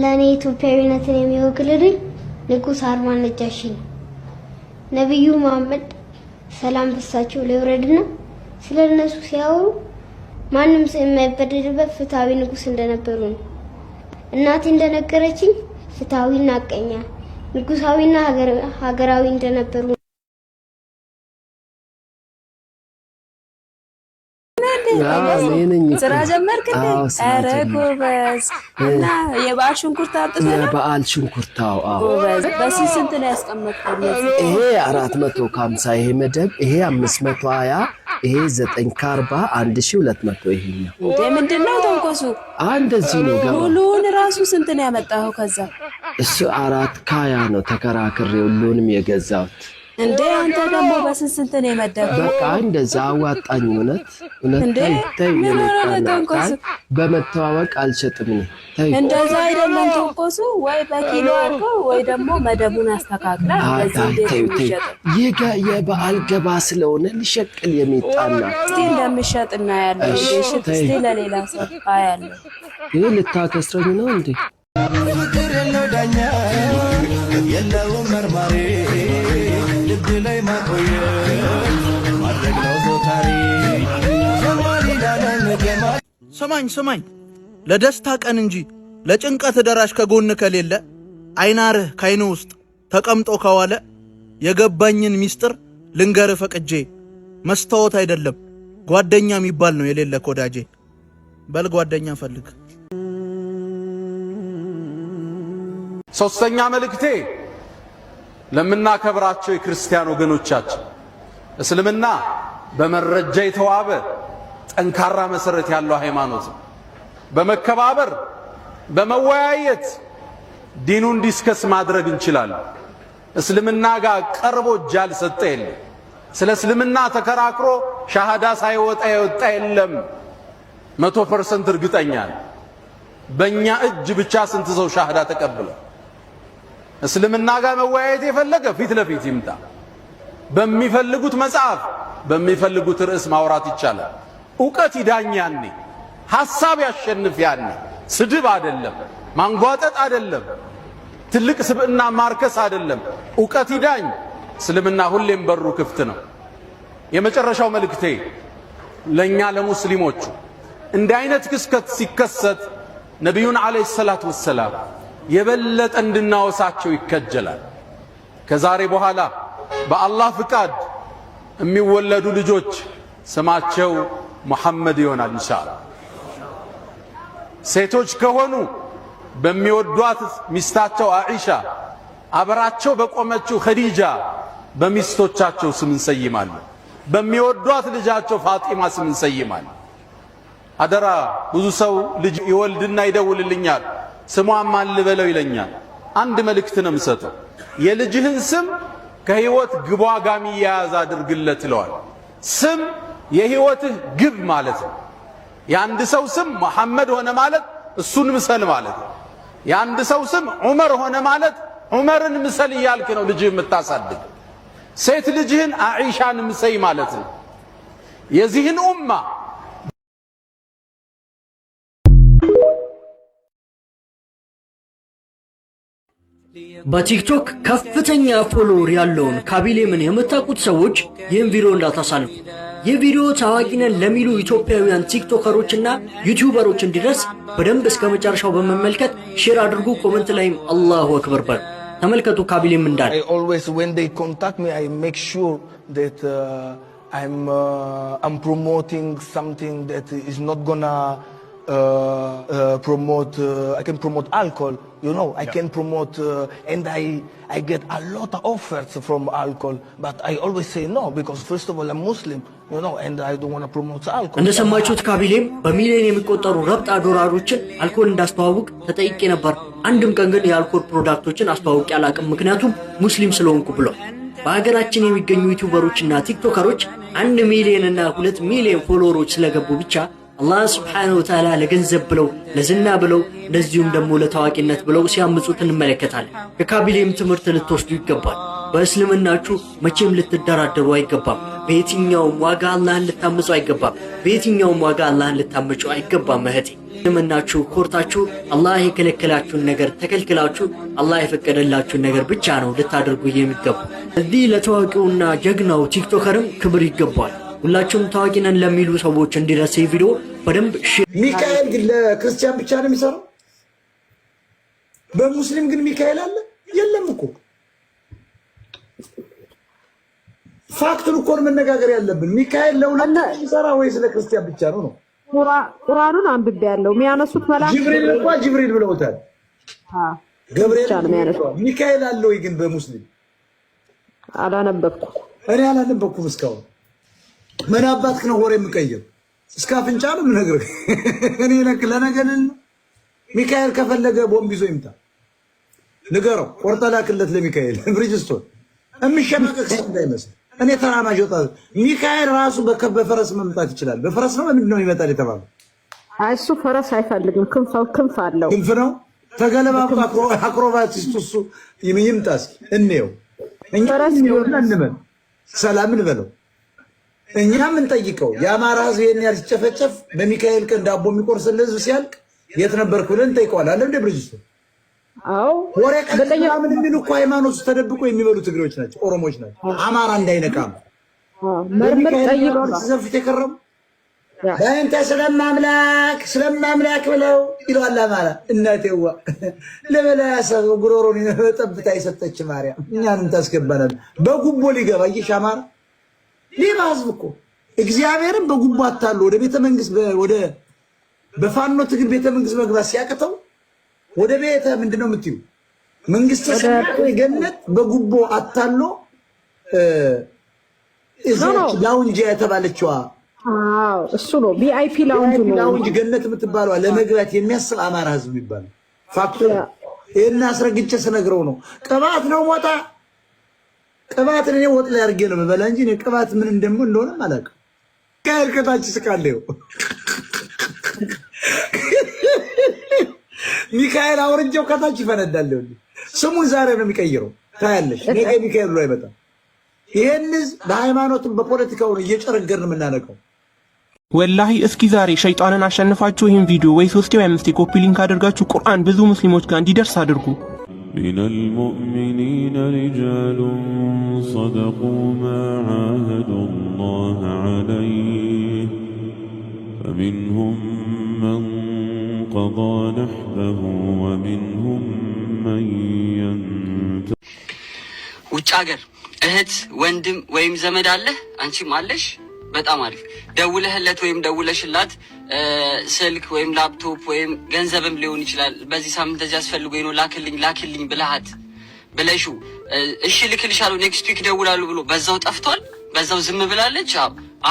ለእኔ ኢትዮጵያዊነትን የሚወክልልኝ ንጉስ አርማ ነጃሺ ነው። ነቢዩ መሐመድ ሰላም በሳቸው ለውረድና ስለ እነሱ ሲያወሩ ማንም ሰው የማይበደድበት ፍትሐዊ ንጉስ እንደነበሩ ነው። እናቴ እንደነገረችኝ ፍትሐዊና አቀኛ ንጉሳዊና ሀገራዊ እንደነበሩ ነው ስራ ጀመርክ? ኧረ ጎበዝ። እና የበዓል ሽንኩርት አምጥተህ ነው? የበዓል ሽንኩርት በስንት ስንት ነው ያስቀመጥከው? ይሄ አራት መቶ ከሀምሳ ይሄ መደብ፣ ይሄ አምስት መቶ ሀያ ይሄ ዘጠኝ ከአርባ አንድ ሺህ ሁለት መቶ ይሄ ነው። እንደ ምንድን ነው ተንኮሱ? እንደዚህ ነው። ገባ ሙሉውን ራሱ ስንት ነው ያመጣኸው? ከዛ እሱ አራት ከሀያ ነው ተከራክሬ ሁሉንም የገዛሁት እንዴ አንተ ደግሞ በስንት ስንት ነው የመደብ? በቃ እንደዛ አዋጣኝ። እውነት እውነት ተይ፣ በመተዋወቅ አልሸጥም ነው። ተይ፣ እንደዛ አይደለም ተንኮሱ። ወይ በኪሎ አድርገው ወይ ደግሞ መደቡን አስተካክላ። ይህ የበዓል ገባ ስለሆነ ሊሸቅል የሚጣና እስቲ እንደምሸጥ እናያለን። ሽጥ እስቲ ለሌላ ሰው አያለን። ይህ ልታከስረኝ ነው እንዴ? ፍቅር የለው ዳኛ የለውም መርማሪ ሰማኝ ላይ ማድረግ ነው ዞታሪ ለደስታ ቀን እንጂ ለጭንቀት ደራሽ ከጎን ከሌለ አይናርህ ካይን ውስጥ ተቀምጦ ከዋለ የገባኝን ሚስጥር ልንገርህ ፈቅጄ መስታወት አይደለም ጓደኛ የሚባል ነው የሌለ ኮዳጄ በል ጓደኛ ፈልግ። ሶስተኛ መልእክቴ ለምናከብራቸው የክርስቲያን ወገኖቻችን እስልምና በመረጃ የተዋበ ጠንካራ መሰረት ያለው ሃይማኖት ነው። በመከባበር በመወያየት ዲኑን ዲስከስ ማድረግ እንችላለን። እስልምና ጋር ቀርቦ እጅ ያልሰጠ የለም። ስለ እስልምና ተከራክሮ ሻሃዳ ሳይወጣ የወጣ የለም። መቶ ፐርሰንት እርግጠኛ ነኝ። በእኛ እጅ ብቻ ስንት ሰው ሻሃዳ ተቀብሏል? እስልምና ጋር መወያየት የፈለገ ፊት ለፊት ይምጣ። በሚፈልጉት መጽሐፍ በሚፈልጉት ርዕስ ማውራት ይቻላል። እውቀት ይዳኝ ያኔ፣ ሐሳብ ያሸንፍ ያኔ። ስድብ አይደለም፣ ማንጓጠጥ አይደለም፣ ትልቅ ስብዕና ማርከስ አይደለም። እውቀት ይዳኝ። እስልምና ሁሌም በሩ ክፍት ነው። የመጨረሻው መልእክቴ ለእኛ ለሙስሊሞቹ እንደ አይነት ክስከት ሲከሰት ነቢዩን ዓለይሂ ሰላት ወሰላም የበለጠ እንድናወሳቸው ይከጀላል። ከዛሬ በኋላ በአላህ ፍቃድ የሚወለዱ ልጆች ስማቸው መሐመድ ይሆናል ኢንሻአላህ። ሴቶች ከሆኑ በሚወዷት ሚስታቸው አኢሻ፣ አብራቸው በቆመችው ኸዲጃ በሚስቶቻቸው ስም እንሰይማለን። በሚወዷት ልጃቸው ፋጢማ ስም እንሰይማለን። አደራ ብዙ ሰው ልጅ ይወልድና ይደውልልኛል ስሟን ማን ልበለው ይለኛል። አንድ መልእክት ነው የምሰጠው። የልጅህን ስም ከህይወት ግቧጋሚ የያዝ አድርግለት ይለዋል። ስም የህይወትህ ግብ ማለት ነው። የአንድ ሰው ስም መሐመድ ሆነ ማለት እሱን ምሰል ማለት ነው። የአንድ ሰው ስም ዑመር ሆነ ማለት ዑመርን ምሰል እያልክ ነው ልጅህ የምታሳድግ። ሴት ልጅህን አኢሻን ምሰይ ማለት ነው። የዚህን ኡማ በቲክቶክ ከፍተኛ ፎሎወር ያለውን ካቢሌምን የምታውቁት ሰዎች ይህን ቪዲዮ እንዳታሳልፉ። ይህ ቪዲዮ ታዋቂ ነን ለሚሉ ኢትዮጵያውያን ቲክቶከሮችና ዩቲዩበሮች እንዲደርስ በደንብ እስከ መጨረሻው በመመልከት ሼር አድርጉ። ኮመንት ላይም አላሁ አክበር በል። ተመልከቱ ካቢሌም እንዳለ uh, uh, I'm promoting something that is not gonna uh, promote, I can promote alcohol, you know, I yeah. can promote, and I, I get a lot of offers from alcohol, but I always say no, because first of all, I'm Muslim, you know, and I don't want to promote alcohol. እንደሰማችሁት ካቢሌም በሚሊዮን የሚቆጠሩ ረብጣ ዶላሮችን አልኮል እንዳስተዋውቅ ተጠይቄ ነበር። አንድም ቀን ግን የአልኮል ፕሮዳክቶችን አስተዋውቅ ያላቅም፣ ምክንያቱም ሙስሊም ስለሆንኩ ብሏል። በሀገራችን የሚገኙ ዩቲዩበሮችና ቲክቶከሮች አንድ ሚሊዮን እና ሁለት ሚሊዮን ፎሎወሮች ስለገቡ ብቻ አላህ ስብሓነሁ ወተዓላ ለገንዘብ ብለው ለዝና ብለው እንደዚሁም ደግሞ ለታዋቂነት ብለው ሲያምፁት እንመለከታለን። ከካቢሌም ትምህርት ልትወስዱ ይገባል። በእስልምናችሁ መቼም ልትደራደሩ አይገባም። በየትኛውም ዋጋ አላህን ልታምፁ አይገባም። በየትኛውም ዋጋ አላህን ልታምጩ አይገባም። እህቴ እስልምናችሁ ኮርታችሁ አላህ የከለከላችሁን ነገር ተከልክላችሁ አላህ የፈቀደላችሁን ነገር ብቻ ነው ልታደርጉ የሚገባ። እዚህ ለታዋቂውና ጀግናው ቲክቶከርም ክብር ይገባል። ሁላችሁም ታዋቂ ነን ለሚሉ ሰዎች እንዲደርስ ይህ ቪዲዮ በደንብ ሚካኤል ግን ለክርስቲያን ብቻ ነው የሚሰራው። በሙስሊም ግን ሚካኤል አለ የለም እኮ ፋክቱን እኮ መነጋገር ያለብን ሚካኤል ለሁለት የሚሰራ ወይስ ለክርስቲያን ብቻ ነው ነው? ቁርአኑን አንብቤ ያለው የሚያነሱት መላ ጅብሪል እንኳ ጅብሪል ብለውታል። ገብርኤል ሚካኤል አለ ወይ ግን በሙስሊም አላነበብኩም፣ እኔ አላነበብኩም እስካሁን ምን አባትክ ነው ወሬ የምቀይር? እስከ አፍንጫ ነው የምነግርህ። እኔ ነክ ለነገንን ሚካኤል ከፈለገ ቦምብ ይዞ ይምጣ። ንገረው፣ ቆርጠ ላክለት ለሚካኤል ብሪጅስቶን። የሚሸማቀቅ ሰው እንዳይመስል። እኔ ተራማጅ ወጣ። ሚካኤል ራሱ በፈረስ መምጣት ይችላል። በፈረስ ነው በምንድን ይመጣል የተባለው? እሱ ፈረስ አይፈልግም፣ ክንፍ አለው። ክንፍ ነው ተገለባብጦ አክሮባቲስቱ እሱ ይምጣ። እንየው፣ እኛ እንበል፣ ሰላም እኛ የምንጠይቀው የአማራ ህዝብ ይህን ያህል ሲጨፈጨፍ በሚካኤል ቀን ዳቦ የሚቆርስል ህዝብ ሲያልቅ የት ነበርክ ብለን እንጠይቀዋል። አለ እንደ ብርጅቶ ወሬ ምናምን የሚሉ እኮ ሃይማኖቱ ተደብቆ የሚበሉ ትግሬዎች ናቸው፣ ኦሮሞዎች ናቸው። አማራ እንዳይነቃ ሲዘፍት የከረሙ በእንተ ስለማምላክ ስለማምላክ ብለው ይለዋል አማራ። እናቴዋ ለበላያሰብ ጉሮሮን ጠብታ የሰጠች ማርያም እኛንም ታስገባናል። በጉቦ ሊገባ ይሽ አማራ ሌባ ህዝብ እኮ እግዚአብሔርን በጉቦ አታሉ ወደ ቤተ መንግስት ወደ በፋኖ ትግል ቤተ መንግስት መግባት ሲያቅተው ወደ ቤተ ምንድን ነው የምትዩ መንግስት ገነት በጉቦ አታሎ እዛች ላውንጅ የተባለችዋ እሱ ነው ቪአይፒ ላውንጅ ገነት የምትባለዋ ለመግባት የሚያስብ አማራ ህዝብ የሚባል ፋክቶ ይህን አስረግጬ ስነግረው ነው ቅባት ነው ሞጣ ቅባት እኔ ወጥ ላይ አድርጌ ነው የምበላ እንጂ እኔ ቅባት ምን እንደም እንደሆነም አላውቅም። ከእርከታች ስቃለው ሚካኤል አውርጀው ከታች ይፈነዳለሁ። ስሙን ዛሬ ነው የሚቀይረው። ታያለሽ። እኔ ቀይ ሚካኤል ብሎ አይመጣም። ይሄን በሃይማኖትም በፖለቲካው ነው እየጨረገርን የምናነቀው። ወላሂ እስኪ ዛሬ ሸይጣንን አሸንፋችሁ ይህን ቪዲዮ ወይ ሶስት ወይ አምስት ኮፒ ሊንክ አድርጋችሁ ቁርአን ብዙ ሙስሊሞች ጋር እንዲደርስ አድርጉ። من المؤمنين رجال صدقوا ما عاهدوا الله عليه فمنهم من قضى نحبه ومنهم من ينتظر وشاكر اهت وندم ويمزمد ወይም انت مالش በጣም አሪፍ ደውለህለት ወይም ደውለሽላት ስልክ ወይም ላፕቶፕ ወይም ገንዘብም ሊሆን ይችላል። በዚህ ሳምንት እዚህ አስፈልጎ ነው ላክልኝ ላክልኝ ብልሃት ብለሹ እሺ ልክልሻለሁ ኔክስት ዊክ ደውላሉ ብሎ በዛው ጠፍቷል። በዛው ዝም ብላለች።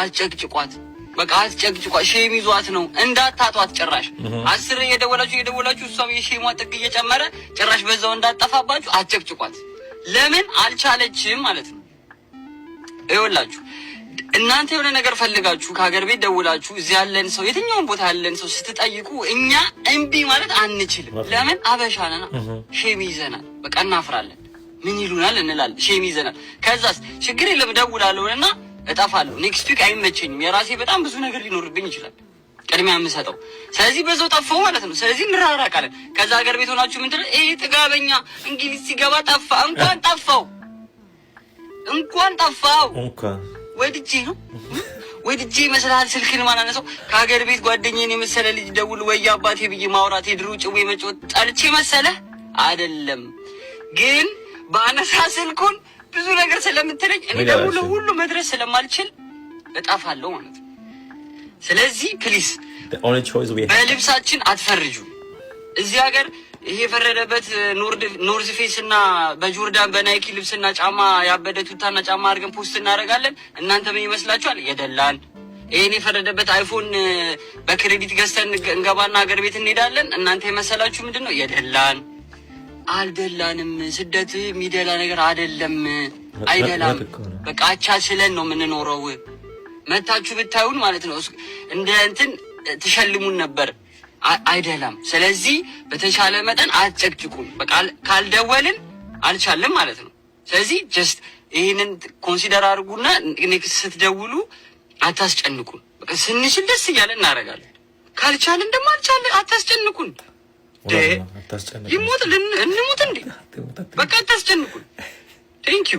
አጨቅጭቋት በቃ አትጨቅጭቋት። ሼም ይዟት ነው እንዳታጧት። ጭራሽ አስር እየደወላችሁ እየደወላችሁ እሷም የሼሟ ጥግ እየጨመረ ጭራሽ በዛው እንዳጠፋባችሁ አጨቅጭቋት። ለምን አልቻለችም ማለት ነው ይወላችሁ እናንተ የሆነ ነገር ፈልጋችሁ ከሀገር ቤት ደውላችሁ እዚህ ያለን ሰው የትኛውን ቦታ ያለን ሰው ስትጠይቁ እኛ እምቢ ማለት አንችልም። ለምን አበሻ ነና ሼም ይዘናል። በቃ እናፍራለን። ምን ይሉናል እንላለን። ሼም ይዘናል። ከዛስ ችግር የለም ደውላለሁና እጠፋለሁ። ኔክስት ዊክ አይመቸኝም። የራሴ በጣም ብዙ ነገር ሊኖርብኝ ይችላል ቅድሚያ የምሰጠው ስለዚህ በዛው ጠፋው ማለት ነው። ስለዚህ እንራራቃለን። ከዛ ሀገር ቤት ሆናችሁ ምንድን ይሄ ጥጋበኛ እንግሊዝ ሲገባ ጠፋ። እንኳን ጠፋው እንኳን ጠፋው ወድጄ ነው ወድጄ ይመስልሃል? ስልክን ማን አነሳው? ከሀገር ቤት ጓደኛዬን የመሰለ ልጅ ደውል ወይ አባቴ ብዬ ማውራት የድሮ ጭዌ መጮት ጠልቼ መሰለ አይደለም። ግን በአነሳ ስልኩን ብዙ ነገር ስለምትለኝ እኔ ደግሞ ለሁሉ መድረስ ስለማልችል እጠፋለሁ ማለት ነው። ስለዚህ ፕሊስ በልብሳችን አትፈርጁ እዚህ ሀገር ይሄ የፈረደበት ኖርዝ ፌስ እና በጆርዳን በናይኪ ልብስና ጫማ ያበደ ቱታና ጫማ አድርገን ፖስት እናደርጋለን። እናንተ ምን ይመስላችኋል? የደላን ይህን የፈረደበት አይፎን በክሬዲት ገዝተን እንገባና ሀገር ቤት እንሄዳለን። እናንተ የመሰላችሁ ምንድን ነው? የደላን አልደላንም። ስደት የሚደላ ነገር አደለም፣ አይደላም። በቃ ስለን ነው የምንኖረው። መታችሁ ብታዩን ማለት ነው እንደ እንትን ትሸልሙን ነበር። አይደላም። ስለዚህ በተቻለ መጠን አትጨቅጭቁን። በቃ ካልደወልን አልቻለም ማለት ነው። ስለዚህ ጀስት ይህንን ኮንሲደር አድርጉና ኔክስት ስትደውሉ አታስጨንቁን። በቃ ስንችል ደስ እያለን እናደርጋለን። ካልቻልን ደግሞ አልቻለን፣ አታስጨንቁን። ይሞት እንሙት እንዴ! በቃ አታስጨንቁን። ቴንኪዩ